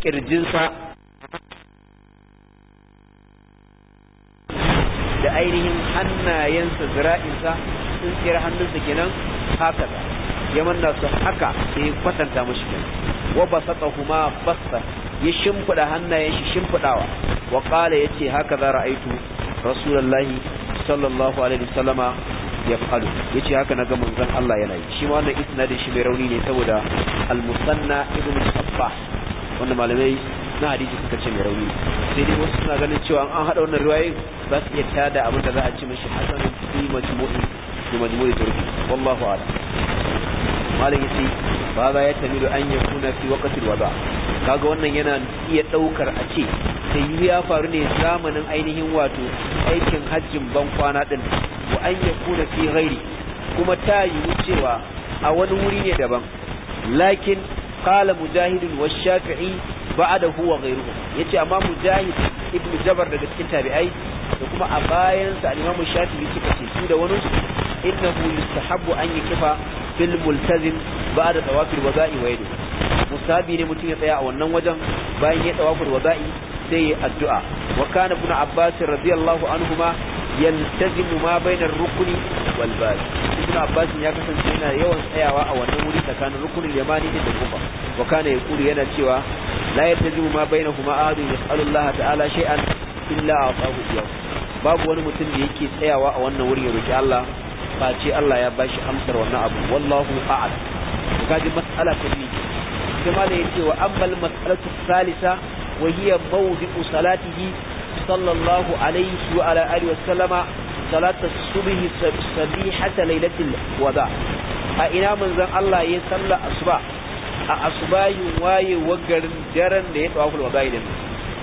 kirjinsa da ainihin hannayensa zira'insa sun tsira hannunsa kenan haka ya manna su haka da ya kwatanta mashi kenan wa basata huma basta ya shimfiɗa hannayen shi shimfiɗawa. wa ya ce haka za ra'aitu rasulallahi sallallahu alaihi wasallama ya Ya ce haka naga manzon Allah yana yi shi ma wannan isnadin shi mai rauni ne saboda al-musanna ibn abbas wanda malamai na hadisi suka ce mai rauni sai dai wasu suna ganin cewa an haɗa wannan riwaye ba su iya tada abin da za a ce mashi hasan fi majmu'i fi majmu'i turki wallahu a'lam malam yace ba za ya tamilu an ya kuna fi waqtil wada kaga wannan yana iya daukar a ce sai ya faru ne zamanin ainihin wato aikin hajjin ban kwana din wa an ya kuna fi ghairi kuma ta yi cewa a wani wuri ne daban lakin qala mujahid wa da ba'dahu wa ghayruhu yace amma mujahid ibnu jabar daga cikin tabi'ai da kuma a bayan sa al-imam shafi'i suka ce su da wani innahu yustahabbu an yakifa ba a ba'da tawafil wada'i wa yadu musabi ne mutum ya tsaya a wannan wajen bayan ya tawafil wada'i sai ya addu'a wa kana ibn abbas radiyallahu anhuma yaltazimu ma bainar rukuni wal ibn abbas ya kasance yana yawan tsayawa a wannan wuri tsakanin rukunin yamani din da kufa wa kana yaqulu yana cewa la yatajibu ma bainahuma ahadun yas'alu Allah ta'ala shay'an illa a'tahu babu wani mutum da yake tsayawa a wannan wuri ya roki Allah ba ce Allah ya bashi amsar wannan abu wallahu a'lam kaji mas'ala ta biyu sai ma da yake wa ambal mas'alatu salisa wa hiya mawdi'u salatihi sallallahu alaihi wa ala alihi wa sallama salata subhi sabihata lailatul wada a ina manzon Allah ya salla asuba a asubahin waye wagarin daren da ya tawaful wada din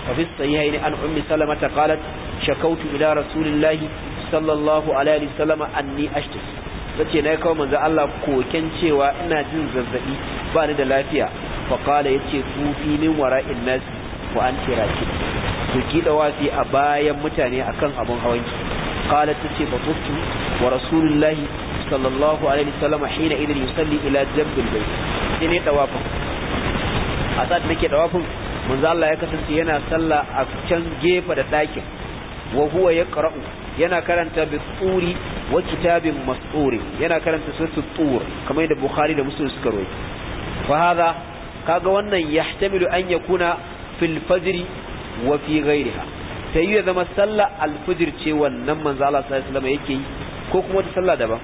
fa fi sahihain an ummi salama ta qalat shakautu ila rasulillahi sallallahu alaihi wasallam anni ashtas Sace na kawo manzon Allah koken cewa ina jin zazzabi ba ni da lafiya fa qala yace tufi min wara'in nas wa anti rakib ku ki dawafi a bayan mutane akan abun hawanki قالت تسي فطفت ورسول الله صلى الله عليه وسلم حين إذ يصلي إلى جنب البيت سيني توافق أساد نكي توافق من ذا الله يكسن سينا صلى أكشن جيفة داكي وهو يقرأ ينا كرنت بالطور وكتاب مسطور ينا كرنت سورة الطور كما يدى بخاري لمسلم سكروي وهذا كاغوانا يحتمل أن يكون في الفجر وفي غيرها ta ya zama sallah alfijir ce wannan manzo Allah sallallahu alaihi yake yi ko kuma wata sallah daban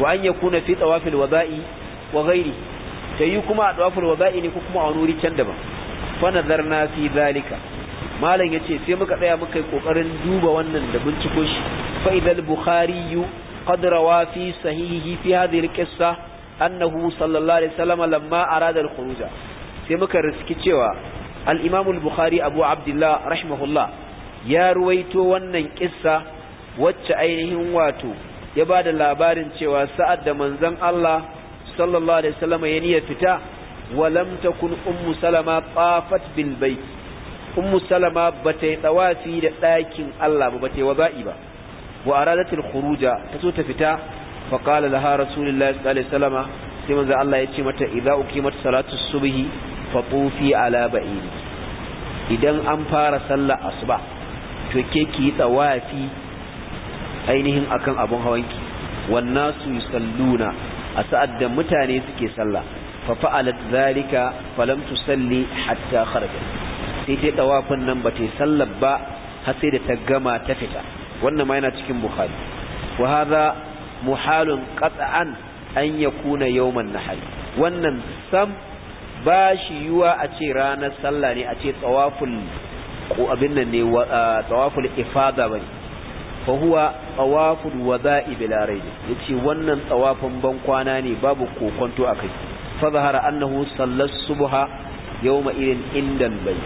wa an yakuna fi tawafil wada'i wa ghairi sai kuma a tawafil wada'i ne ko kuma a wuri can daban fa nazarna fi zalika malam yace sai muka tsaya muka yi kokarin duba wannan da binciko shi fa idal bukhari qad rawa fi sahihi fi hadhihi alqissa annahu sallallahu alaihi wasallam lamma arada alkhuruja sai muka riski cewa al-imam al-bukhari abu abdullah rahimahullah ya ruwaito wannan kissa wacce ainihin wato ya ba da labarin cewa sa'ad da manzon Allah sallallahu alaihi wasallam ya fita walam takun ummu salama tafat bil bait ummu salama bata yi dawafi da ɗakin Allah ba bata yi za’i ba wa aradat al khuruja so ta fita fa qala laha rasulullahi sallallahu alaihi wasallam sai manzo Allah ya ce mata idza uqimat salatu subhi fa tufi ala ba'id idan an fara sallar asuba to ke ki yi tsawafi ainihin akan abun hawanki wannan su salluna a sa'ad da mutane suke sallah fa fa'alat zalika salli hatta kharaja sai ta tsawafin nan ba ta sallar ba har sai da ta gama ta fita wannan ma yana cikin bukhari wa haza muhalun katsa'an an ya kuna yawman hali wannan sam ba shi yiwa a ce ranar sallah ne a ce tsawafin. ko abin nan ne tawaful ifada bane fa huwa tawaful wada'i bila rayb yace wannan tawafin ban kwana ne babu kokonto akai fa zahara annahu sallas subha yawma irin indan bai.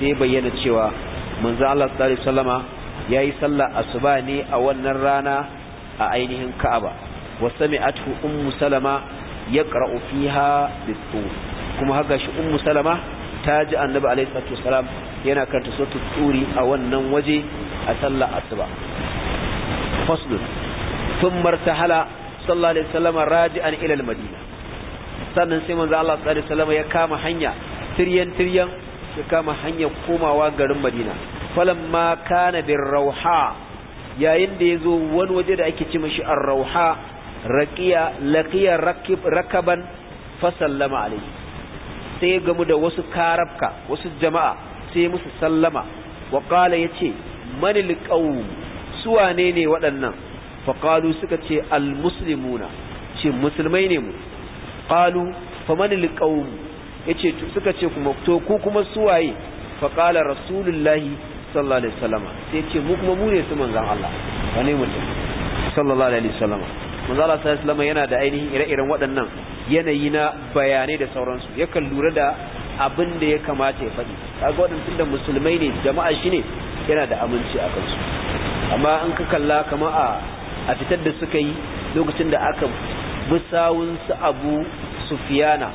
sai bayyana cewa manzo Allah sallallahu alaihi wasallama yayi sallah asuba ne a wannan rana a ainihin Ka'aba wa sami'athu ummu salama yaqra'u fiha bit kuma haka shi ummu salama ta ji annabi alaihi salatu yana karta suratul turi a wannan waje a sallar asuba faslun thumma martahala sallallahu alaihi wasallam raji'an ila al-madina sannan sai manzo Allah sallallahu alaihi wasallam ya kama hanya tiryan tiryan ya kama hanya komawa garin Madina falamma kana rauha yayin da zo wani waje da ake ce shi ar-rauha raqiya laqiya rakib rakaban fa alaihi sai gamu da wasu karabka wasu jama'a ce musu sallama wa ya ce manil qawm suwane ne waɗannan fa suka ce al musulmuna ce musulmai ne mu ƙalu fa manil ya ce suka ce kuma to ku kuma suwaye fa rasulullahi sallallahu alaihi wasallama sai yace mu kuma mu ne su manzon Allah wane mutum sallallahu alaihi wasallama manzo Allah sallallahu alaihi wasallama yana da ainihin ire-iren waɗannan yanayi na bayanai da sauransu yakan lura da abin da ya kamata ya faɗi kaga waɗansu da musulmai ne jama'a shine yana da aminci a kansu amma in ka kalla kama a fitar da suka yi lokacin da aka bisawun su abu sufiyana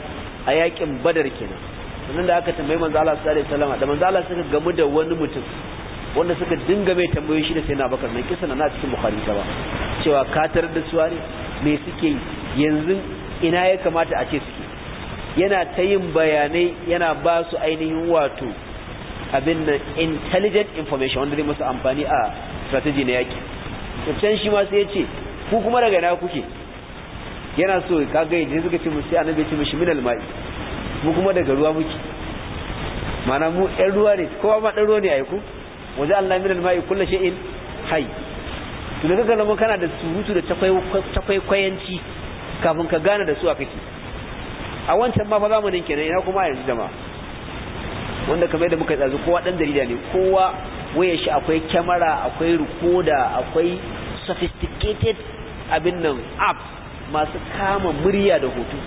a yakin badar kenan sannan da aka tambayi manzo Allah sallallahu alaihi wasallam da manzo Allah suka gamu da wani mutum wanda suka dinga mai tambayoyi shi da sai na bakar mai kisa na cikin bukhari ta ba cewa katar da suwa ne me suke yanzu ina ya kamata a ce suke yana ta yin bayanai yana ba su ainihin wato abin nan intelligent information wanda zai masu amfani a strategy na yaki can shi ma sai ya ce ku kuma daga na kuke yana so ka kaga jini suka ce musu annabi ya ce mishi minal ma'i mu kuma daga ruwa muke mana mu ɗan ruwa ne kowa ma ɗan ruwa ne a ku waje Allah min ma'i kullu shay'in hay to daga kana da surutu da takwaikwayanci kafin ka gane da su a kake a wancan ma fa zamanin kenan ina kuma yanzu jama'a wanda kamar da muka yi tsazu kowa dan jarida ne kowa wayar shi akwai kyamara akwai rikoda akwai sophisticated abin nan app masu kama murya da hoto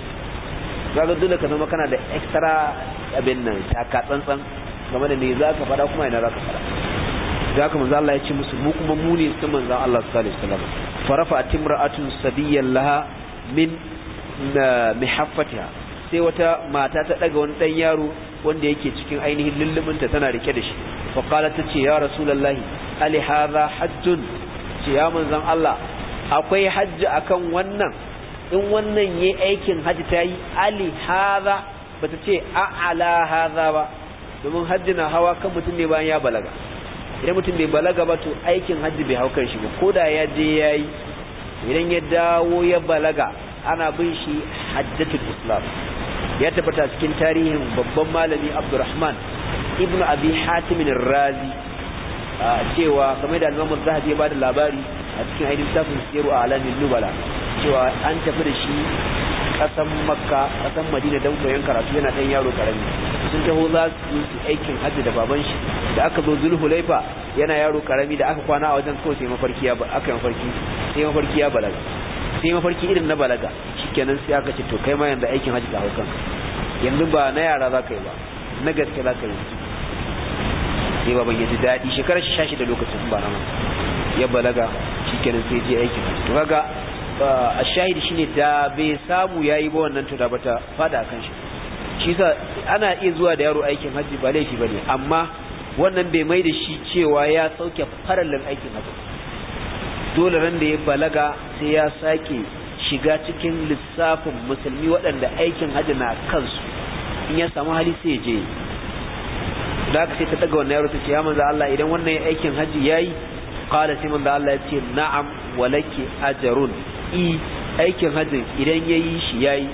zaga dole ka zama kana da extra abin nan taka tsantsan game da me za ka fada kuma ina za ka fada da haka manzo Allah ya ce musu mu kuma mu ne su manzo Allah sallallahu alaihi wasallam farafa timra'atun sabiyyan laha min eh, mihaffatiha sai wata mata ta daga wani dan yaro wanda yake cikin ainihin lullumin ta tana rike da shi fa qalat ta ce ya rasulullahi ali hadha hajjun ce ya manzon Allah akwai hajji akan wannan in wannan yayi aikin hajji yi ali hadha bata ce a ala hadha ba domin hajji na hawa kan mutum ne bayan ya balaga idan mutum bai balaga ba to aikin hajji bai haukar shi ba ko da ya je yayi idan ya dawo ya balaga ana bin shi hajjatul islam ya tabbata cikin tarihin babban malami abdurrahman Ibn abi hatim razi cewa kamar da al-imam zahabi ya bada labari a cikin ainihin tafsir siru a alamin nubala cewa an tafi da shi kasan makka kasan madina don koyon karatu yana dan yaro karami sun taho za su yi aikin hajji da baban shi da aka zo zulhulaifa yana yaro karami da aka kwana a wajen kawai sai mafarki ya aka mafarki sai mafarki ya balaga sai mafarki irin na balaga shikenan sai aka ce to kai ma yanda aikin hajji ka hau yanzu ba na yara za ka yi ba na gaske za ka yi sai baban ya ji daɗi shekarar shi shashi da lokacin ba na ya balaga shikenan sai je aikin hajji to kaga a ah, shahidi shine da bai samu yayi ba wannan to da bata fada akan shi shi sa ana iya zuwa da yaro aikin hajji ba laifi bane amma wannan bai mai da shi cewa ya sauke farallin aikin hajji dole ran da ya balaga sai ya sake shiga cikin lissafin musulmi waɗanda aikin hajji na kansu in ya samu hali sai je da aka sai ta daga wannan yaro ta ce ya manzo Allah idan wannan aikin hajji yayi qala sai manzo Allah ya ce na'am walaki ajrun i aikin hajji idan yayi shi yayi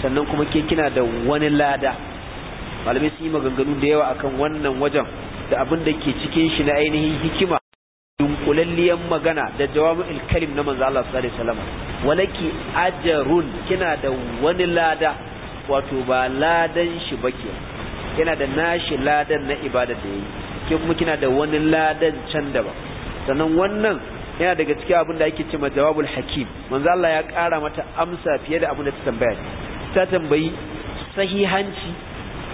sannan kuma ke kina da wani lada malamai sun yi maganganu da yawa akan wannan wajen da abin da ke cikin shi na ainihin hikima yunkulalliyar magana da jawabin ilkalim na manzo Allah sallallahu alaihi wasallam walaki ajrun kina da wani lada wato ba ladan shi bake kina da nashi ladan na ibada da yayi kin mu kina da wani ladan can da ba sannan wannan yana daga cikin abin da ake cewa jawabul hakim manzo Allah ya kara mata amsa fiye da abin da ta tambaya ta tambayi sahihanci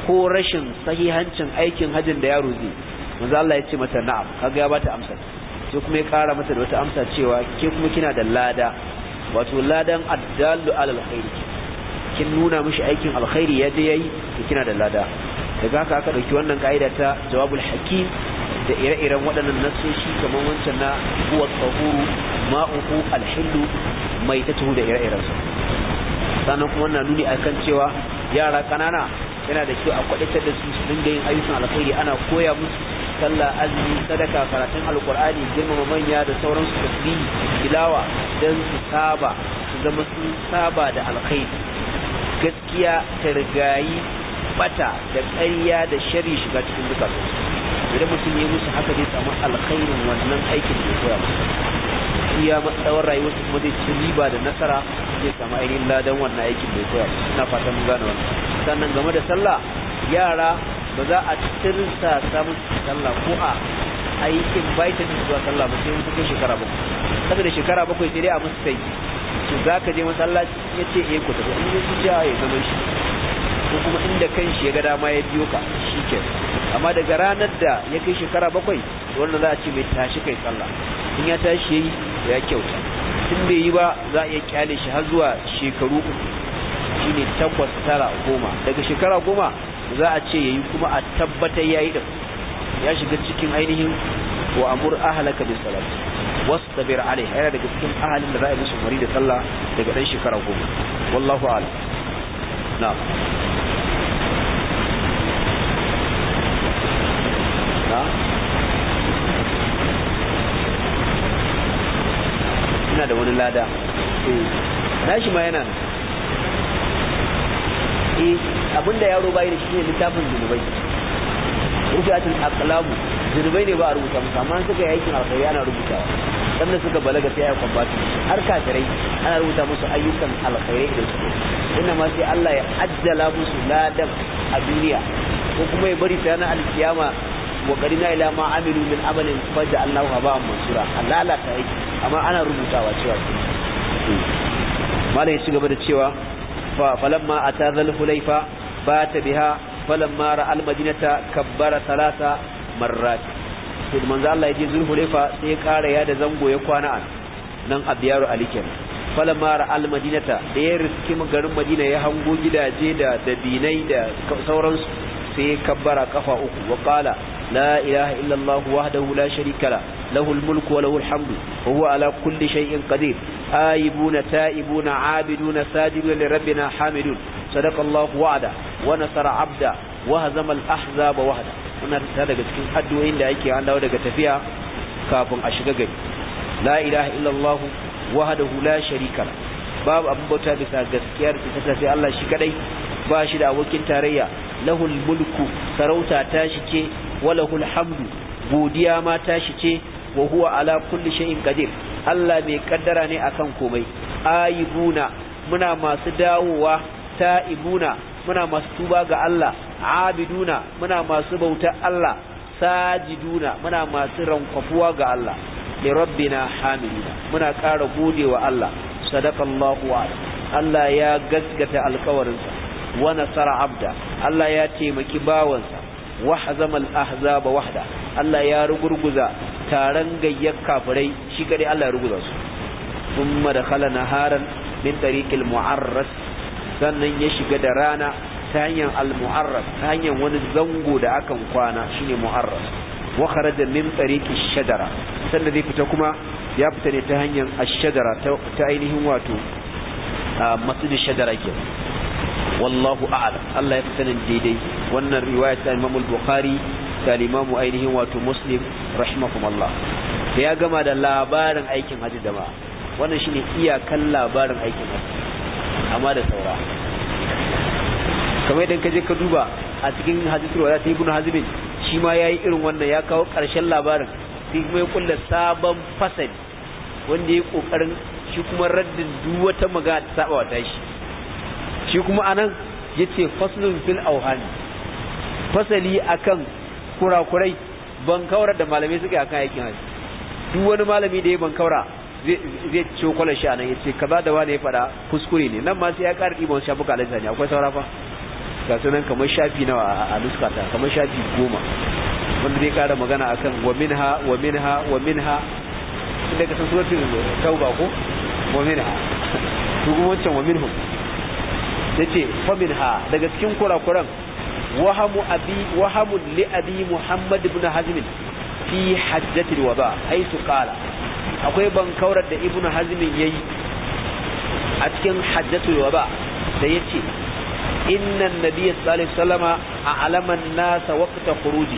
ko rashin sahihancin aikin hajin da yaro zai manzo Allah ya ce mata na'am kaga ya bata amsa sai kuma ya kara mata da wata amsa cewa ke kuma kina da lada wato ladan addallu alal khairi kin nuna mishi aikin alkhairi ya je yayi ki kina da lada daga haka aka dauki wannan kaida ta jawabul hakim da ire-iren waɗannan nasoshi kamar wancan na huwa tsahuru uku alhillu mai ta tuhu da ire-iren su sannan kuma wannan nuni a kan cewa yara ƙanana yana da kyau a kwaɗatar da su su dinga yin ayyukan alkhairi ana koya musu sallah azumi sadaka karatun alkur'ani girmama manya da sauran sauransu tasbihi tilawa dan su saba su zama sun saba da alkhairi gaskiya targayi, rigayi bata da ƙarya da shari shiga cikin zukatu idan mutum ya musu haka zai samu alkhairin wannan aikin da ya koya masa iya matsawar rayuwar su kuma zai ci riba da nasara zai samu ainihin ladan wannan aikin da ya koya ina fatan mun gane wannan sannan game da sallah yara ba za a tirsa samun sallah ko a a yi invite din zuwa sallah ba sai kuka shekara bakwai saka da shekara bakwai sai dai a musu sai to za ka je masallaci ya ce eh ku tafi in su ja ya zama shi ko kuma inda kanshi ya ga dama ya biyo ka ke amma daga ranar da ya kai shekara bakwai wanda za a ce mai tashi kai sallah in ya tashi yayi ya kyauta tun bai yi ba za a iya kyale shi har zuwa shekaru uku shine takwas tara goma daga shekara goma za a ce yayi kuma a tabbatar yayi din ya shiga cikin ainihin wa amur ahlaka bis salat wastabir alaiha yana daga cikin ahalin da za a musu mari da sallah daga dan shekara goma wallahu a'lam na'am ina da wani lada eh nashi ma yana eh da yaro bai da shi ne littafin zunubai rufi'atul aqlamu zunubai ne ba a rubuta musu amma suka yi aikin alkhairi ana rubutawa sanda suka balaga sai ya kwambatu har kafirai ana rubuta musu ayyukan alkhairi da suke inna ma sai Allah ya ajjala musu ladan a duniya ko kuma ya bari ta na alkiyama wa qarina ila ma amilu min amalin faja Allahu haba'an mansura Allah ta yi amma ana rubutawa cewa malai su gaba da cewa fa falamma atazal hulaifa بات بها فلما رأى المدينة كبر ثلاث مرات sai manzo Allah ya je Zulhulaifa sai kara ya da zango ya kwana an nan a biyaru alikin falamma ra'al madinata da ya riski garin Madina ya hango gidaje da dabinai da sauransu sai ya kabbara kafa uku wa qala la ilaha illa Allah wahdahu la sharika la lahu al-mulku wa lahu al-hamdu wa huwa ala kulli shay'in qadir آيبون تائبون عابدون ساجدون لربنا حامدون صدق الله وعدا ونصر عبدا وهزم الأحزاب وحدا wannan ta daga cikin addu'o'in da ake an dawo daga tafiya kafin a shiga gari la ilaha illallah wahdahu la sharika babu abin bauta bisa gaskiyar ta sai Allah shi kadai ba shi da abokin tarayya lahul mulku sarauta ta shi ce wa lahul hamdu godiya ma ta shi ce wa huwa ala kulli shay'in qadir Allah mai kaddara ne akan komai ayibuna muna masu dawowa ta'ibuna muna masu tuba ga Allah abiduna muna masu bautar Allah sajiduna muna masu rankafuwa ga Allah li rabbina hamiduna muna ƙara godewa Allah sadaqallahu wa Allah ya gaskata alƙawarinsa wa nasara abda Allah ya taimaki bawansa wa hazamal ahzaba wahda Allah ya rugurguza taron gayyar kafirai shi kadai Allah ya ruguza su thumma na naharan min tariqil mu'arras sannan ya shiga da rana ta hanyar al-mu'arras ta hanyar wani zango da akan kwana shine mu'arras Wakarar da min tariqi shajara sannan zai fita kuma ya fita ne ta hanyar ash ta ainihin wato masjid shajara ke wallahu a'lam Allah ya fita sanin daidai wannan riwaya ta Imam bukhari da limamu ainihin wato muslim rahimahumallah da ya gama da labarin aikin hajji da ma wannan shine iyakan labarin aikin hajji amma da saura kamar idan ka je ka duba a cikin hadisul wada ta ibnu shi ma yayi irin wannan ya kawo karshen labarin sai kuma ya kulla sabon fasali wanda ya kokarin shi kuma raddin duk wata magana ta saba wata shi shi kuma anan yace faslun fil auhan fasali akan kurakurai ban kaura da malamai suke akan aikin haji duk wani malami da ya ban kaura zai ci kwalar shi anan yace kaza da wani ya fada kuskure ne nan ma sai ya ƙara ban wasu shafuka zani akwai saura fa ga sunan kamar shafi nawa a nuskata kamar shafi goma wanda zai kara magana akan wa minha wa minha wa minha inda ka san suratul tauba ko wa minha to wancan wa minhum yace fa minha daga cikin kurakuran wahamu abi wahamu li muhammad ibn hazm fi hajjati alwada haythu akwai bankaurar da ibn hazm yayi a cikin hajjatu alwada da yace inna an-nabiy sallallahu alaihi wasallama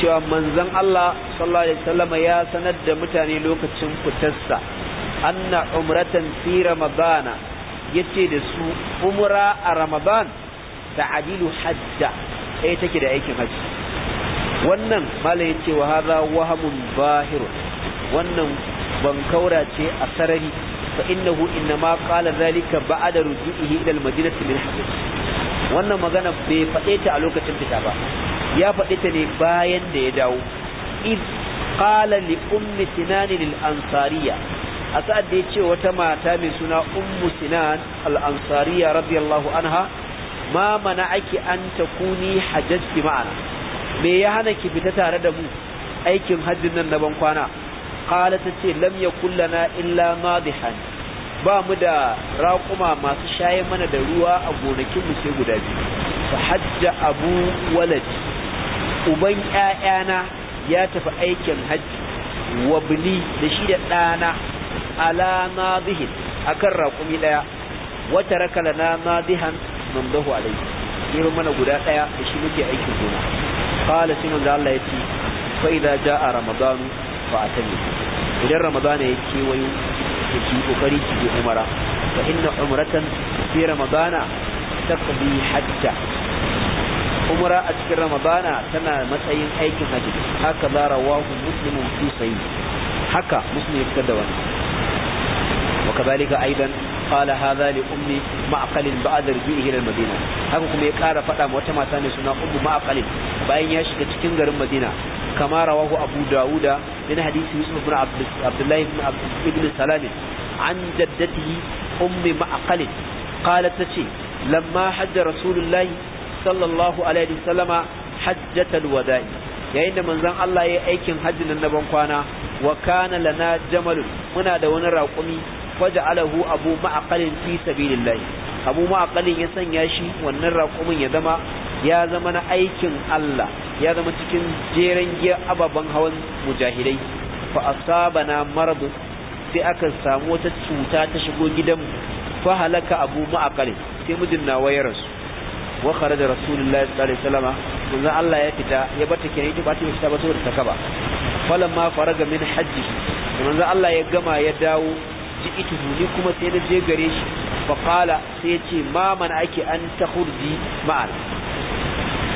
cewa manzon Allah sallallahu alaihi wasallama ya sanar da mutane lokacin fitarsa anna umratan fi ramadana yace da su umra a ramadan ta'adilu hajja ɗaya eh, take da aikin hajji wannan mala ya ce wa haza wahamun bahiru wannan bankaura ce a sarari fa innahu innama qala zalika ba'da rujuihi ila al-madinati min hajj wannan magana bai faɗe ta a lokacin fita ba ya faɗe ta ne bayan da ya dawo id qala li ummi sinan lil ansariya a sa'ad da ya ce wata mata mai suna ummu sinan al ansariya radiyallahu anha ma mana ake an kuni hajjajki ma'ana me ya hana ki fita tare da mu aikin hajjin nan na ban kwana qala tace lam yakul lana illa madihan ba mu da raƙuma masu shaye mana da ruwa a gonakin mu sai guda biyu fa hajja abu walad uban 'ya'yana ya tafi aikin hajji wa bili da shi da ɗana ala madihin akan raƙumi ɗaya wata raka lana madihan mamdahu alaihi ya mana guda daya da shi muke aikin gona qala shi manzo Allah yace fa idza jaa ramadan fa atami idan ramadan ya kewayo ki kokari ki je umara fa inna umratan fi ramadana taqdi hajja umra a cikin ramadana tana matsayin aikin haji haka za rawahu muslimun fi sahih haka muslim ya fitar da wannan wa kadhalika aidan qala hadha li ummi ma'qal ba'd rujuhi ila madina haka kuma ya ƙara faɗa ma wata mata ne suna ummu ma'qal bayan ya shiga cikin garin madina kama rawahu abu dauda min hadisi yusuf ibn abdullah ibn ibn salam an jaddatihi ummi ma'qal qalat tace lamma hajja rasulullah sallallahu alaihi wasallama hajjatal wada'i yayin da manzon Allah ya aikin hajji nan na ban kwana wa kana lana jamalun muna da wani raƙumi faj'alahu abu ma'qalin fi sabilillah abu ma'qalin ya sanya shi wannan raƙumin ya zama ya zama na aikin Allah ya zama cikin jeren giya ababan hawan mujahidai fa asabana marad sai aka samu wata cuta ta shigo gidan fa halaka abu ma'qalin sai mijin na wayar su wa kharaja rasulullahi sallallahu alaihi wasallam manzo Allah ya fita ya bata kenan ita ba ta fita ba saboda ta kaba falamma faraga min hajji manzo Allah ya gama ya dawo ji'tuhu ni kuma sai na je gare shi fa qala sai yace ma man ake an takhurji ma'an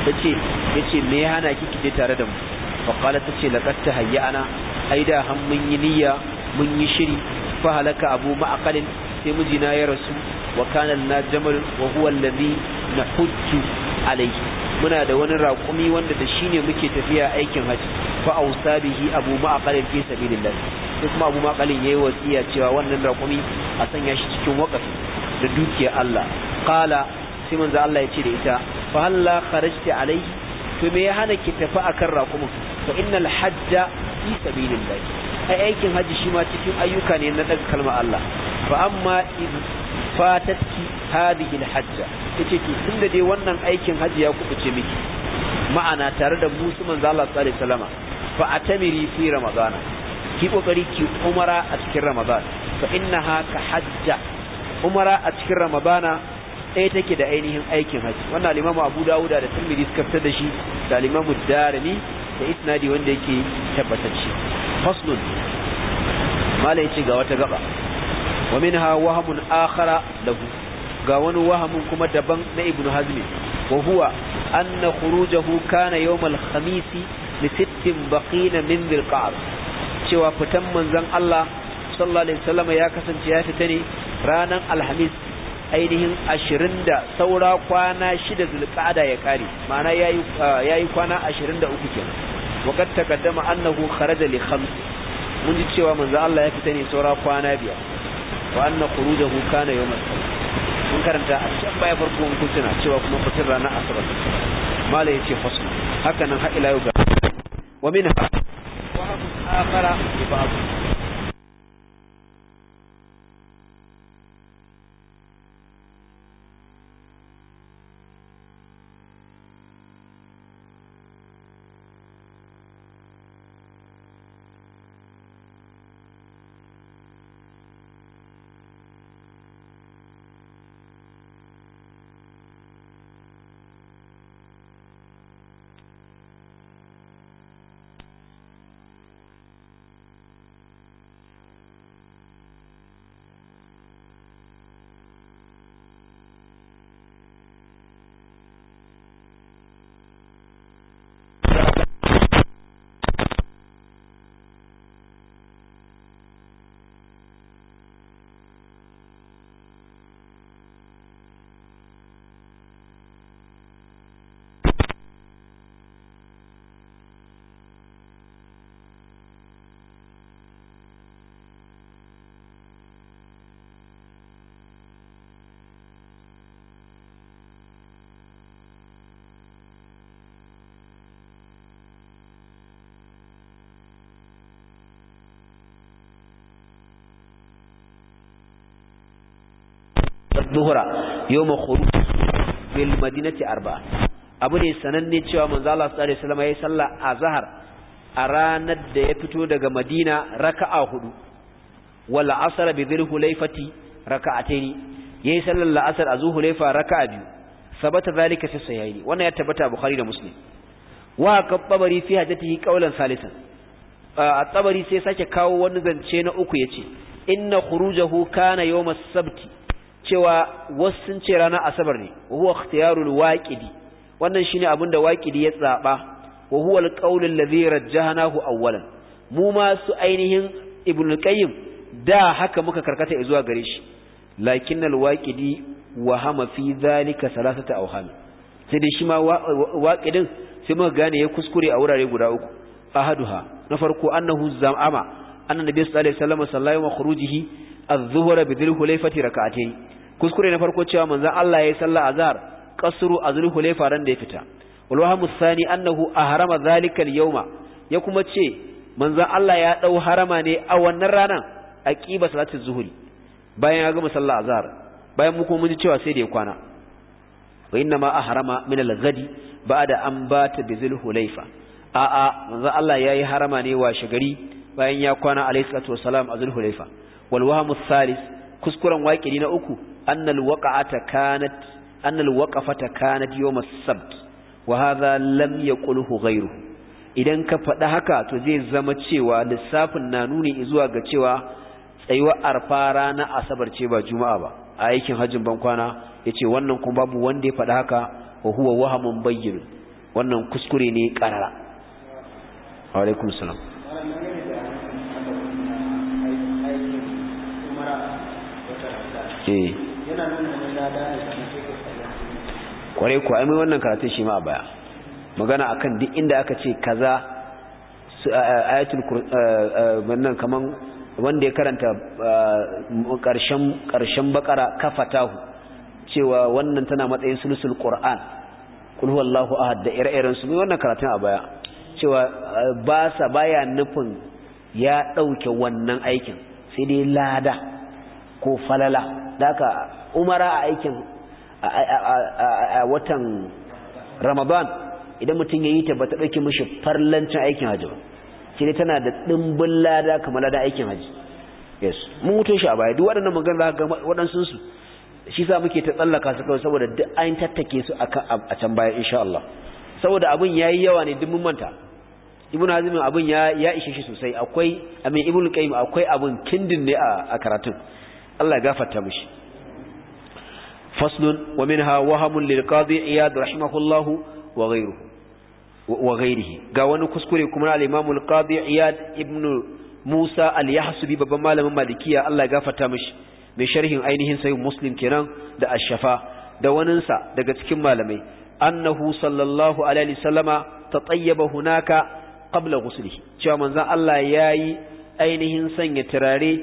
tace yace me ya hana kiki je tare da mu fa qala tace laqad tahayyana ai da han mun yi niyya mun yi shiri fa halaka abu ma aqalin sai mijina ya rasu wa kana lana wa huwa alladhi nahujju alayhi muna da wani raƙumi wanda da shine muke tafiya aikin haji fa ausabihi bihi abu aqalin fi sabilillah sai kuma abu makalin ya yi wasiya cewa wannan raƙumi a sanya shi cikin wakafi da dukiyar Allah kala sai manzo Allah ya ce da ita fa halla kharajta alai to me ya hana ki tafi akan rakumin fa innal hajja fi sabilillah ai aikin hajji shi ma cikin ayyuka ne na daga kalmar Allah fa amma id fatatki hadhihi alhajja yace to tunda dai wannan aikin hajji ya kubuce miki ma'ana tare da musu manzo Allah sallallahu alaihi wasallama fa atamiri fi ramadana ki kokari ki umara a cikin ramadan fa innaha haka hajja umara a cikin ramadana ɗaya take da ainihin aikin Hajji wannan limamu abu dawuda da tirmidhi suka fitar da shi da limamu darimi da isnadi wanda yake tabbatacce faslun mala yace ga wata gaba wa minha wahamun akhara lahu ga wani wahamun kuma daban na ibnu hazmi wa huwa anna khurujahu kana yawm al-khamis li sittin baqina min dhil cewa fitan manzan Allah sallallahu alaihi wasallam ya kasance ya fita ne ranar alhamis ainihin ashirin da saura kwana shida zulqa'ada ya kare ma'ana yayi uh, yayi kwana ashirin da uku kenan waqad taqaddama annahu kharaja li khams mun ji cewa manzan Allah ya fita ne saura kwana biyar wa anna khurujahu kana yawm mun karanta a can baya farko mun kuntuna cewa kuma fitar ranar asabar mala yace fasu haka nan har ila yau ga وبعض آخر ببعض dhuhra yawm khuruj bil madinati arba'a abu ne sananne cewa manzo Allah sallallahu alaihi wasallam yayi sallah azhar a ranar da ya fito daga Madina raka'a hudu wal asr bi dhil hulayfati raka'atayn yayi sallar la'asar azu hulayfa raka'a biyu sabata zalika fi sahihaini wannan ya tabbata bukhari da muslim wa kabbari fi hadathi qawlan salisan at tabari sai sake kawo wani zance na uku yace inna khurujahu kana yawm as-sabt cewa wasu sun ce ranar asabar ne wa huwa waqidi wannan shine abin da waqidi ya tsaba wa huwa alqawl alladhi rajjahnahu awwalan mu ma su ainihin ibnu qayyim da haka muka karkata zuwa gare shi lakin alwaqidi wahama fi dhalika salasata awham sai dai shi ma waqidin sai muka gane ya kuskure a wurare guda uku ahaduha na farko annahu zam'ama annabi sallallahu alaihi wasallam sallama, khurujihi az-zuhra bi dhil hulayfati rak'atayn kuskure na farko cewa manzon Allah ya yi sallah azhar qasru azul hulayfa ran da ya fita wal wahmu thani annahu ahrama zalika al yawma ya kuma ce manzon Allah ya dau harama ne a wannan ranan aqiba salatul zuhri bayan ya gama sallah azhar bayan mu kuma mun ji cewa sai da ya kwana wa inna ma ahrama min al ghadi ba'da an bata bi zul hulayfa a a manzon Allah yi harama ne washe gari bayan ya kwana alayhi salatu wassalam azul hulayfa wal wahmu thalith kuskuren waƙiri na uku أن الوقعة كانت أن الوقفة كانت يوم السبت وهذا لم يقله غيره idan ka faɗi haka to zai zama cewa lissafin na nuni zuwa ga cewa tsayuwar arfa rana asabar ce ba juma'a ba a aikin hajjin bankwana kwana yace wannan kuma babu wanda ya faɗi haka wa huwa wahamun bayyin wannan kuskure ne ƙarara. wa salam eh Kware kwarai ko ai wannan karatun shi ma a baya magana akan duk inda aka ce kaza ayatul wannan kaman wanda ya karanta karshen karshen bakara kafatahu cewa wannan tana matsayin sulusul qur'an kul huwallahu ahad da ire-iren su mai wannan karatun a baya cewa ba sa baya nufin ya dauke wannan aikin sai dai lada ko falala da aka umara a aikin a watan ramadan idan mutum ya yi ta ba ta ɗauki mashi farlancin aikin hajji ba shi ne tana da ɗimbin lada kamar lada aikin hajji yes mun mutu shi a baya duk waɗannan magana ga waɗansu su shi sa muke ta tsallaka su kawai saboda duk an tattake su a can baya insha Allah saboda abin yi yawa ne duk mun manta ibnu hazim abin ya ya ishe shi sosai akwai amin ibnu qayyim akwai abin kindin ne a karatun Allah ya gafarta mishi فصل ومنها وهم للقاضي عياد رحمه الله وغيره وغيره ga wani kuskure kuma na al-Imam al ibn Musa al-Yahsubi babban malamin Malikiya Allah ya gafarta mishi mai sharhin ainihin sahih Muslim kenan da Ash-Shafa da wanin daga cikin malamai annahu sallallahu alaihi wasallama tatayyaba hunaka qabla ghuslihi cewa manzon Allah yayi ainihin sanya turare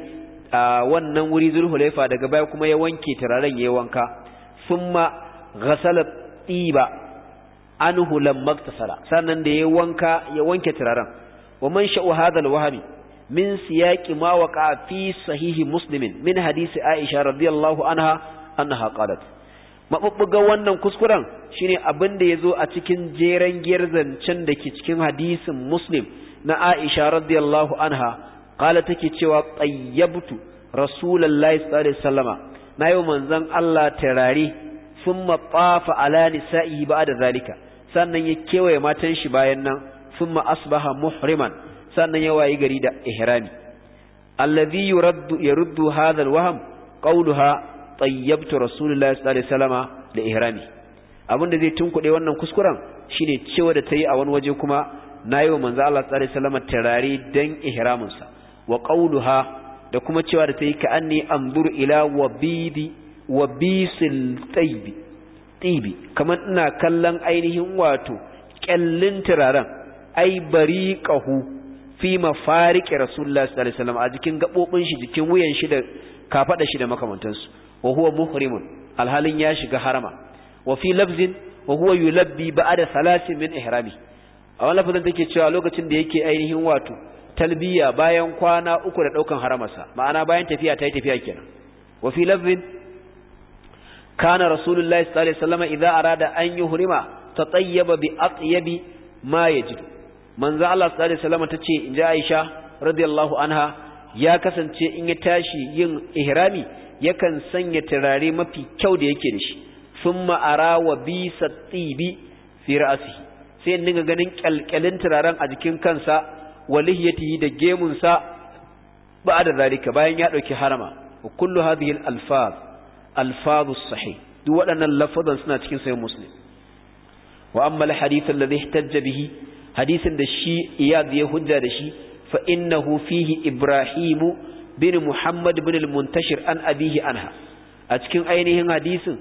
a wannan wurin wuri zulhulaifa daga baya kuma ya wanke turaren ya wanka ثم غسل الطيب anhu لما iktasala sannan ده ya wanka ya wanke turaren wa man sha'u hadha alwahmi min siyaqi ma waqa fi sahihi muslimin min hadisi aisha radiyallahu anha annaha qalat wannan kuskuren shine abin da yazo a cikin jeren can da ke cikin hadisin muslim na aisha radiyallahu anha qala take cewa tayyabtu rasulullahi sallallahu alaihi wasallama na yi manzon Allah tarare sun matsafa ala nisa'i ba da zalika sannan ya kewaye matan shi bayan nan sun asbaha muhriman sannan ya wayi gari da ihrami allazi yuraddu yaruddu hadha alwaham qawluha tayyabtu rasulullahi sallallahu alaihi wasallama da ihrami abinda zai tunkuɗe wannan kuskuren shine cewa da ta yi a wani waje kuma na yi wa manzo Allah sallallahu alaihi wasallama tarare dan ihraminsa wa qawluha da kuma cewa da ta yi ka'anni buru ila wa wabisil tsibi kamar ina kallon ainihin wato kyallin turaren ai bari ƙahu fi mafariki rasulullah sallallahu alaihi a jikin gabobin shi jikin wuyan shi da shida shi da makamantansu wa huwa muhrimun alhalin ya shiga harama wa fi lafzin wa huwa yulabbi ba'da salasin min ihrami a wannan lafazin take cewa lokacin da yake ainihin wato talbiya bayan kwana uku da ɗaukan haramarsa ma'ana bayan tafiya ta yi tafiya kenan wa fi lafzin kana rasulullahi sallallahu alaihi wasallam idza arada an yuhrima tatayyaba bi aqyabi ma yajid manzo Allah sallallahu alaihi wasallam tace Aisha radiyallahu anha ya kasance in ya tashi yin ihrami yakan sanya turare mafi kyau da yake da shi thumma ara wa bi sattibi fi ra'sihi sai in dinga ganin kyalkyalin turaren a jikin kansa wa lihiyatihi da gemunsa ba'da zalika bayan ya ɗauki harama kullu hadhihi al-alfaz alfazus sahih duk waɗannan lafazan suna cikin sahih muslim wa amma al-hadith alladhi ihtajja bihi hadisin da shi iyad ya hujja da shi fa innahu fihi ibrahimu bin muhammad bin al-muntashir an abihi anha a cikin ainihin hadisin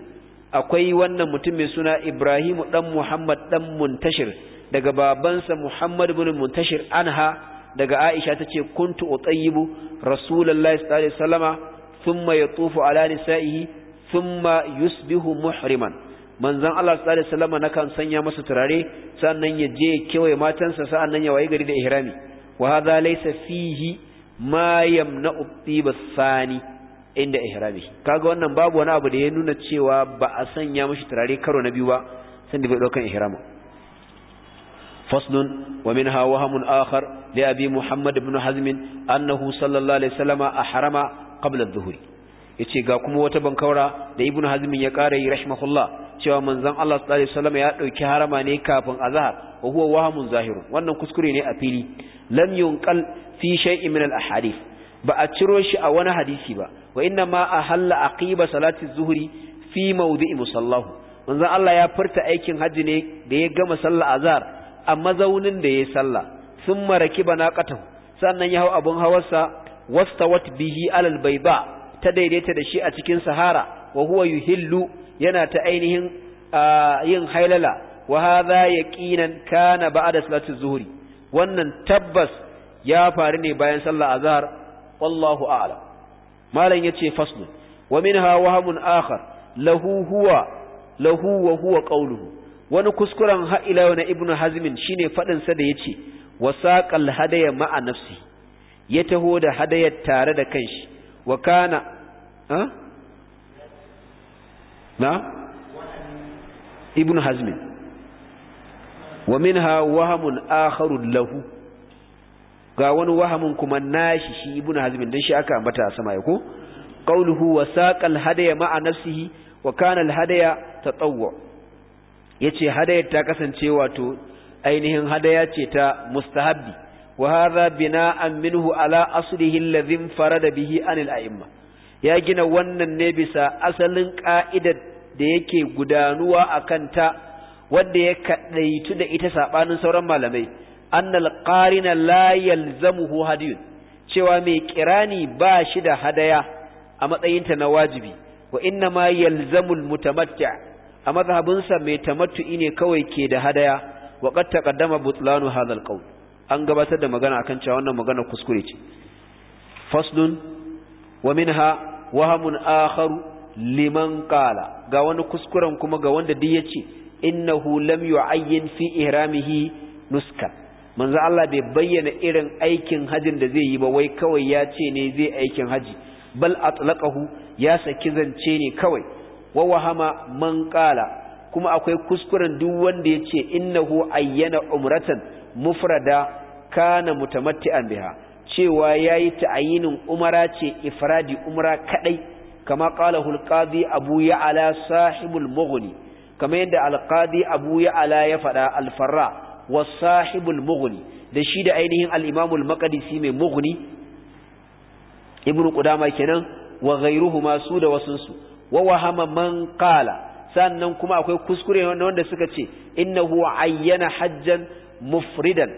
akwai wannan mutum mai suna ibrahimu dan muhammad dan muntashir daga babansa Muhammad ibn Muntashir anha daga Aisha tace kuntu utayyibu Rasulullahi sallallahu alaihi wasallama thumma yatufu ala nisa'ihi thumma yusbihu muhriman manzon Allah sallallahu alaihi wasallama nakan sanya masa turare sannan ya je kewaye matansa sannan ya wayi gari da ihrami wa hadha laysa fihi ma yamna'u sani inda ihrami kaga wannan babu wani abu da ya nuna cewa ba a sanya mashi turare karo na biyu ba san da bai daukan ihrama فصل ومنها وهم آخر لأبي محمد بن حزم أنه صلى الله عليه وسلم أحرم قبل الظهر yace ga kuma wata bankaura da ibnu hazmin ya kare yi rahimahullah cewa manzon Allah sallallahu alaihi wasallam ya dauki harama ne kafin azhar wa huwa wahamun zahirun wannan kuskure ne a fili lam yunqal fi shay'in min al ahadith ba a ciro shi a wani hadisi ba wa inna ma ahalla aqiba salati zuhri fi mawdi'i musallahu manzon Allah ya furta aikin haji ne da ya gama sallar azhar a mazaunin da yayi sallah sun maraki bana naqatahu sannan ya hau abun hawarsa wastawat bihi alal bai ba ta daidaita da shi a cikin sahara wa huwa yuhillu yana ta ainihin yin hailala wa hadha yaqinan kana ba'da salati zuhri wannan tabbas ya faru ne bayan sallah azhar wallahu a'lam malam yace faslun wa minha wahamun akhar lahu huwa lahu wa huwa qawluhu wani kuskuren ha'ila na Ibn hazmin shi ne faɗinsa da ya ce saƙal hadaya ma'a nafsi ya taho da hadayar tare da kanshi wa kana na Ibn hazmin wa min ha wahamun akharun lahu ga wani wahamun kuma nashi shi Ibn hazmin don shi aka ambata a sama ko wa saƙal hadaya ma'a nafsihi wa kana hadaya ta tatawwa Ya ce hadayar ta kasance wato ainihin hadaya ce ta mustahabbi wa hadha bina'an minhu ala aslihi alladhi farada bihi anil a'imma ya gina wannan ne bisa asalin ka'idar da yake gudanuwa akan ta wanda ya kadaitu da ita sabanin sauran malamai annal qarina la yalzamuhu hadiyun cewa mai kirani ba shi da hadaya a matsayinta na wajibi wa inna ma yalzamul mutamatti' a mazhabinsa mai tamattu'i ne kawai ke da hadaya wa qad taqaddama butlanu hadha alqawl an gabatar da magana akan cewa wannan magana kuskure ce faslun wa minha wahamun akhar liman qala ga wani kuskuren kuma ga wanda duk yace innahu lam yu'ayyin fi ihramihi nuska manzo Allah bai bayyana irin aikin hajin da zai yi ba wai kawai ya ce ne zai aikin haji bal atlaqahu ya saki zance ne kawai wa wahama man qala kuma akwai kuskuren duk wanda ya yace innahu ayyana umratan mufrada kana mutamatti'an biha cewa yayi ta'ayinin umara ce ifradi umra kadai kama qala al-qadi abu ya'la sahibul mughni kama yadda al-qadi abu ya'la ya fada al-farra wa sahibul mughni da shi da ainihin al-imam al-maqdisi mai mughni ibnu qudama kenan wa ghayruhuma su da wasunsu wa wahama man qala sannan kuma akwai kuskure wanda wanda suka ce innahu ayyana hajjan mufridan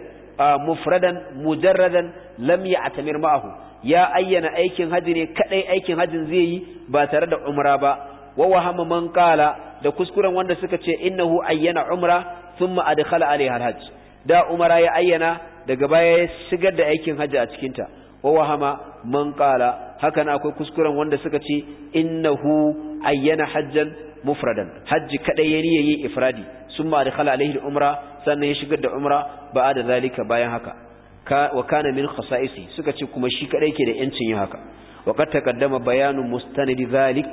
mufradan mujarradan lam ya'tamir ma'ahu ya ayyana aikin haji ne kadai aikin hajin zai yi ba tare da umra ba wa wahama man qala da kuskuren wanda suka ce innahu ayyana umra thumma adkhala alaiha alhajj da umara ya ayyana daga baya ya shigar da aikin hajji a cikinta wa wahama man qala haka akwai kuskuren wanda suka ce innahu ayyana hajjan mufradan hajji kadai ya yayi ifradi sun ma adkhala alaihi umra sannan ya shigar da umra ba da zalika bayan haka ka wa kana min khasa'isi suka ce kuma shi kadai ke da yancin yin haka wa qad taqaddama bayanu mustanid zalik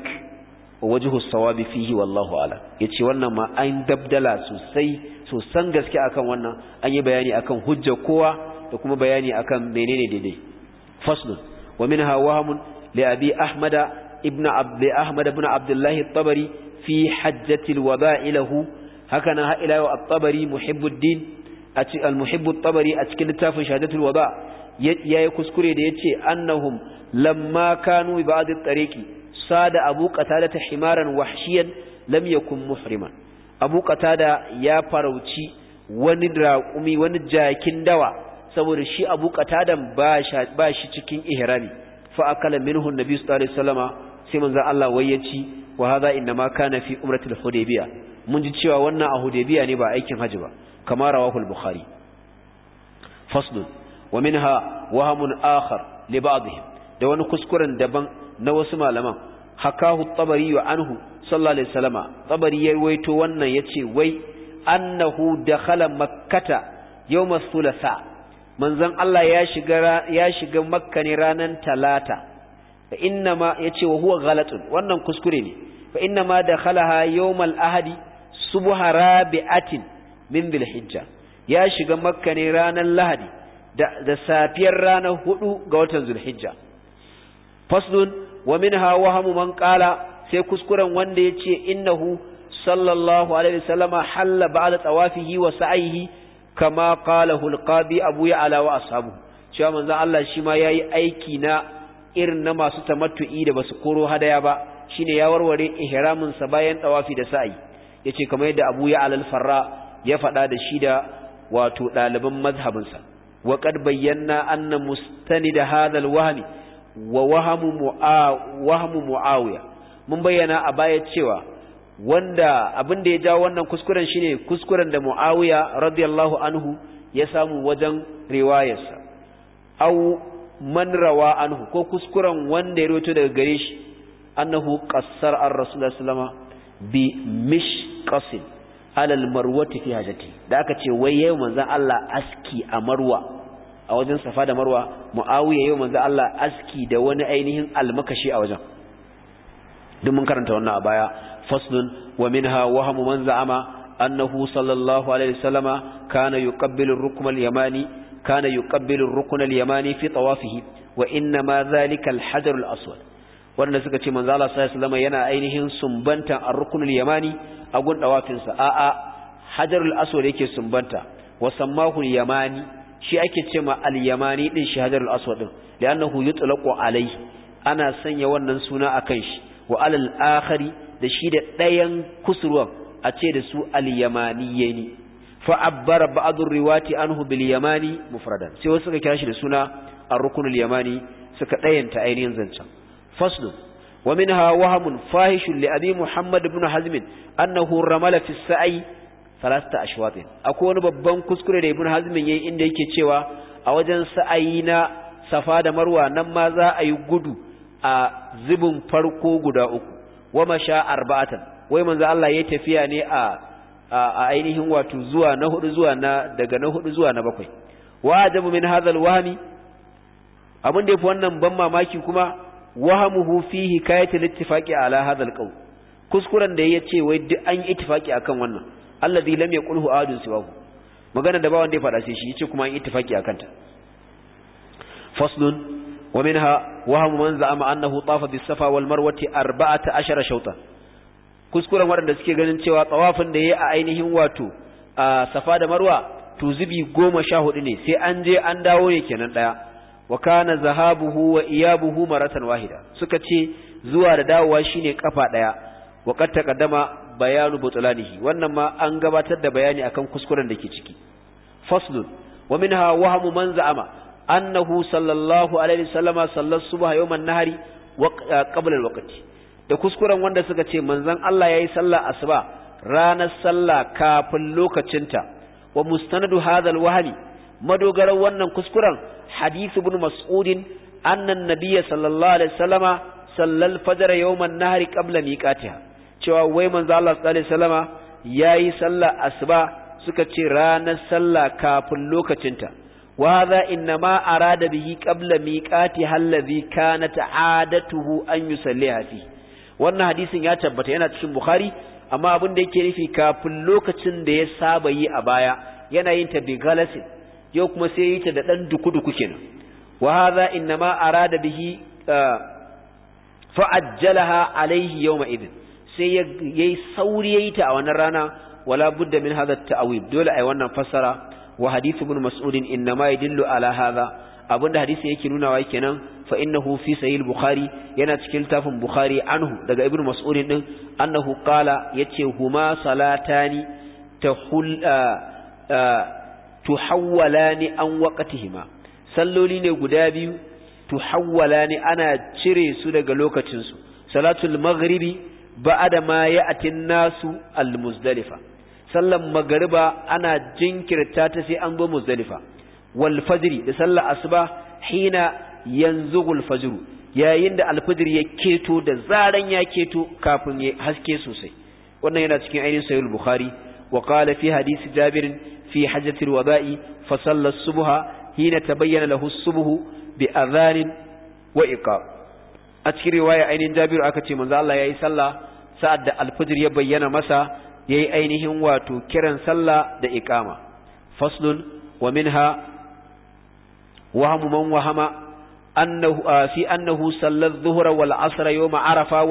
wa wajhu sawabi fihi wallahu ala yace wannan ma an dabdala sosai sosan gaske akan wannan an yi bayani akan hujja kowa da kuma bayani akan menene daidai faslun ومنها وهم لأبي أحمد ابن عبد أحمد بن عبد الله الطبري في حجة الوباء له هكذا إلى الطبري محب الدين المحب الطبري أتكلم تافن شهادة الوباء ya yi kuskure da ya ce annahum lamma kanu ba da tsareki sada abu da ta himaran wahshiyan lam yakun muhriman abu da ya farauci wani raƙumi wani jakin dawa saboda shi abu qatadan ba ba shi cikin ihrami fa akala minhu annabi sallallahu alaihi wasallama sai manzo Allah wayyaci wa hadha inma kana fi umratil hudaybiyah mun ji cewa wannan a hudaybiyah ne ba aikin haji ba kama rawahu al-bukhari fasl wa minha wahamun akhar li ba'dihim da wani kuskuren daban na wasu malaman hakahu tabari wa anhu sallallahu alaihi wasallama tabari ya ruwaito wannan yace wai annahu dakhala makkata yawm thulatha manzon Allah ya shiga ya shiga makka ne ranan talata fa inna ma yace wa huwa ghalatun wannan kuskure ne fa inna ma dakhalaha yawmal ahadi subha rabi'atin min bil hijja ya shiga makka ne ranan lahadi da, da safiyar ranar hudu ga watan zulhijja faslun wa minha wahamu man qala sai kuskuren wanda yace innahu sallallahu alaihi wasallama halla ba'da tawafihi wa sa'ihi kama qalahu alqabi abu ya'la wa ashabu cewa manzon Allah shi ma yayi aiki na irin na masu tamattu'i da basu koro hadaya ba shine ya warware ihramin sa bayan ɗawafi da Ya yace kamar yadda abu ya al-farra ya faɗa da shi da wato ɗaliban mazhabinsa Waƙar wa bayyana anna mustanid hadha al-wahmi wa wahmu muawiya mun bayyana a baya cewa wanda abin da ya ja wannan kuskuren shine kuskuren da Muawiya radiyallahu anhu ya samu wajen riwayarsa aw man rawa anhu ko kuskuren wanda ya roto daga gare shi annahu qassar ar-rasul sallama bi mishqasin ala al-marwati fi hajati da aka ce wai yayin manzon Allah aski a Marwa a wajen Safa da Marwa Muawiya yayin manzon Allah aski da wani ainihin almakashi a wajen duk mun karanta wannan a baya فصل ومنها وهم من زعم أنه صلى الله عليه وسلم كان يقبل الركن اليماني كان يقبل الركن اليماني في طوافه وإنما ذلك الحجر الأسود wanda suka ce manzo Allah sallallahu alaihi wasallam yana ainihin sumbantan ar rukunin yamani a gun dawafin sa a a hajarul aswad yake sumbanta wa sammahu yamani shi ake ce ma al-yamani din shi hajarul aswad din li'annahu yutlaqu alai ana sanya wannan suna akan shi wa alal akhari da shi da ɗayan kusurwan a ce da su al ne fa abbara ba'dhu riwati anhu bil yamani mufradan sai wasu suka kira shi da suna ar rukun al-yamani suka ɗayanta ainihin zancen faslu wa minha wahamun fahishun li abi muhammad ibn hazm annahu ramala fi sa'i thalatha ashwat akwai wani babban kuskure da ibn hazm yayi inda yake cewa a wajen sa'ayi na safa da marwa nan ma za a yi gudu a zubin farko guda uku wa masha arba'atan wai manzo Allah ya tafiya ne a a ainihin wato zuwa na hudu zuwa na daga na hudu zuwa na bakwai wa ajabu min hadhal wahmi abin da yafi wannan ban mamaki kuma wahamuhu fi al-ittifaqi ala hadhal alqawl kuskuren da yace wai duk an yi ittifaqi akan wannan alladhi lam yaqulhu adun siwahu magana da ba wanda ya faɗa sai shi yace kuma an yi ittifaqi akan ta faslun ومنها وهم من زعم انه طاف بالصفا والمروه 14 شوطا kuskuren waɗanda suke ganin cewa tsawafin da ya yi a ainihin wato a safa da marwa to zubi goma sha hudu ne sai an je an dawo ne kenan ɗaya wa kana zahabuhu wa iyabuhu maratan wahida suka ce zuwa da dawowa shine kafa ɗaya wa qad taqaddama bayanu butlanihi wannan ma an gabatar da bayani akan kuskuren da ke ciki faslun wa minha wahmu man annahu sallallahu alaihi wasallama sallar subha yawman nahari wa eh, qabla alwaqti da kuskuren wanda suka ce manzon Allah ya yi sallah asuba ranar sallah kafin lokacinta wa mustanadu hadha wahali madogaran wannan kuskuren hadith ibn Mas'udin annan an-nabiyya sallallahu alaihi wasallama sallal fajr yawman nahari qabla miqatiha cewa wai manzo Allah sallallahu alaihi wasallama yayi sallah asuba suka ce ranar sallah kafin lokacinta وهذا إنما أراد به قبل ميقاتها الذي كانت عادته أن يسليها فيه wannan hadisin ya tabbata yana cikin Bukhari amma abin da yake nufi kafin lokacin da ya saba yi a baya yana yin ta galasin yau kuma sai yi ta da dan duku-duku kenan wa hadha inma arada bihi fa ajjalaha alayhi idin sai yayi sauri yayi a wannan rana wala budda min hadha at-ta'wil dole ai wannan fassara wa hadithu ibn mas'ud innama yadullu ala hadha abinda hadisi yake nunawa kenan fa innahu fi sahih bukhari yana cikin tafin bukhari anhu daga ibn mas'ud din annahu qala yace huma salatani tahul tuhawwalani an waqtihima salloli ne guda biyu tuhawwalani ana cire su daga lokacinsu salatul maghribi ba'da ma ya'ti nasu al-muzdalifa Sallar magariba ana jinkirta ta sai an zo muzdalifa wal da sallar asuba hina yanzughul fajru yayin da alfajir ya keto da zaran ya keto kafin ya haske sosai wannan yana cikin ainihin sahih bukhari wa qala fi hadisi jabir fi hajjatil wada'i fa salla subha hina tabayyana lahu subhu bi adhan wa iqab a cikin riwaya ainihin jabir aka ce manzo Allah yayi sallah sa'ad da alfajir ya bayyana masa yayi ainihin wato kiran sallah da iqama faslun wa minha wahamu man wahama annahu ah, fi annahu salla adh-dhuhra wal 'asra yawma arafa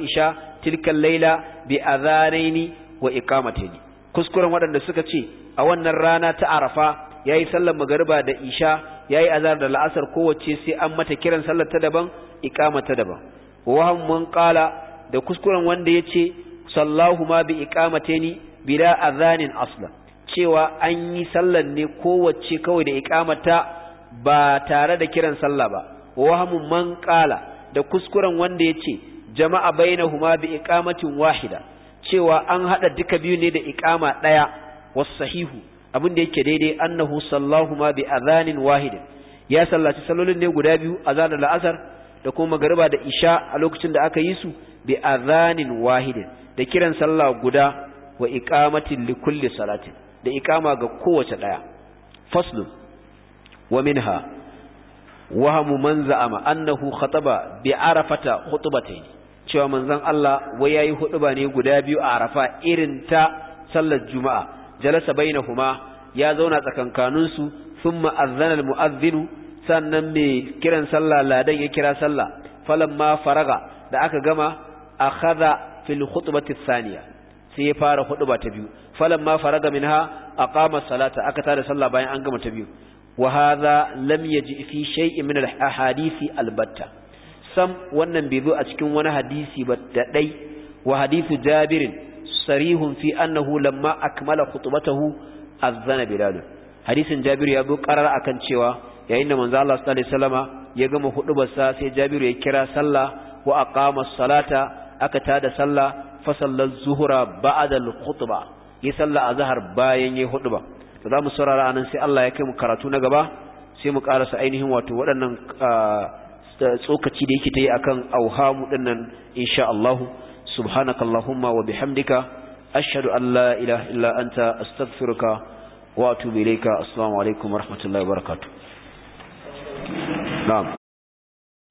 isha tilka al-laila bi adhanaini wa iqamataini kuskuren waɗanda suka ce a wannan rana ta arafa yayi sallar magariba da isha yayi azhar da la'asar kowace sai an mata kiran sallar ta daban iqama ta daban wahamu man qala da kuskuren wanda ya ce. sallahu ma bi iqamataini bila azanin asla cewa an yi sallan ne kowace kawai da iqamata ba tare da kiran sallah ba wahamun man qala da kuskuren wanda ya ce jama'a baina huma bi iqamatin wahida cewa an haɗa duka biyu ne da iqama ɗaya was sahihu abin da yake daidai annahu sallahu ma bi azanin wahida ya sallaci sallolin ne guda biyu azanar la'asar da kuma magariba da isha a lokacin da aka yi su bi azanin wahidin da kiran sallah guda wa iqamati li kulli salatin da iqama ga kowace daya faslu wa minha wahamu man za'ama annahu khataba bi arafata khutbatayn cewa manzon Allah wai yayi hutuba ne guda biyu a arafa irin ta sallar juma'a jalasa bainahuma ya zauna tsakankanin su thumma azana almu'adhdhinu sannan mai kiran sallah ladan ya kira sallah falamma faraga da aka gama akhadha fil khutbati thaniya sai ya fara khutba ta biyu falamma faraga minha aqama salata aka tada sallah bayan an gama ta biyu wa hadha lam yaji fi shay'in min al ahadisi Albata sam wannan bai zo a cikin wani hadisi ba da dai wa hadithu jabirin sarihun fi annahu lamma akmala khutbatahu azana bilal hadisin jabir ya zo karar akan cewa yayin da manzo Allah sallallahu alaihi wasallama ya gama huɗubarsa sai jabiru ya kira sallah wa aqama salata aka tada sallah fa sallal zuhra ba'da al-khutba yi sallah azhar bayan yi hudba to zamu saurara anan sai Allah ya kai mu karatu na gaba sai mu karasa ainihin wato waɗannan tsokaci da yake ta yi akan auhamu dinnan insha Allah subhanakallahumma wa bihamdika ashhadu an la ilaha illa anta astaghfiruka wa atubu ilayka assalamu alaikum wa wa na'am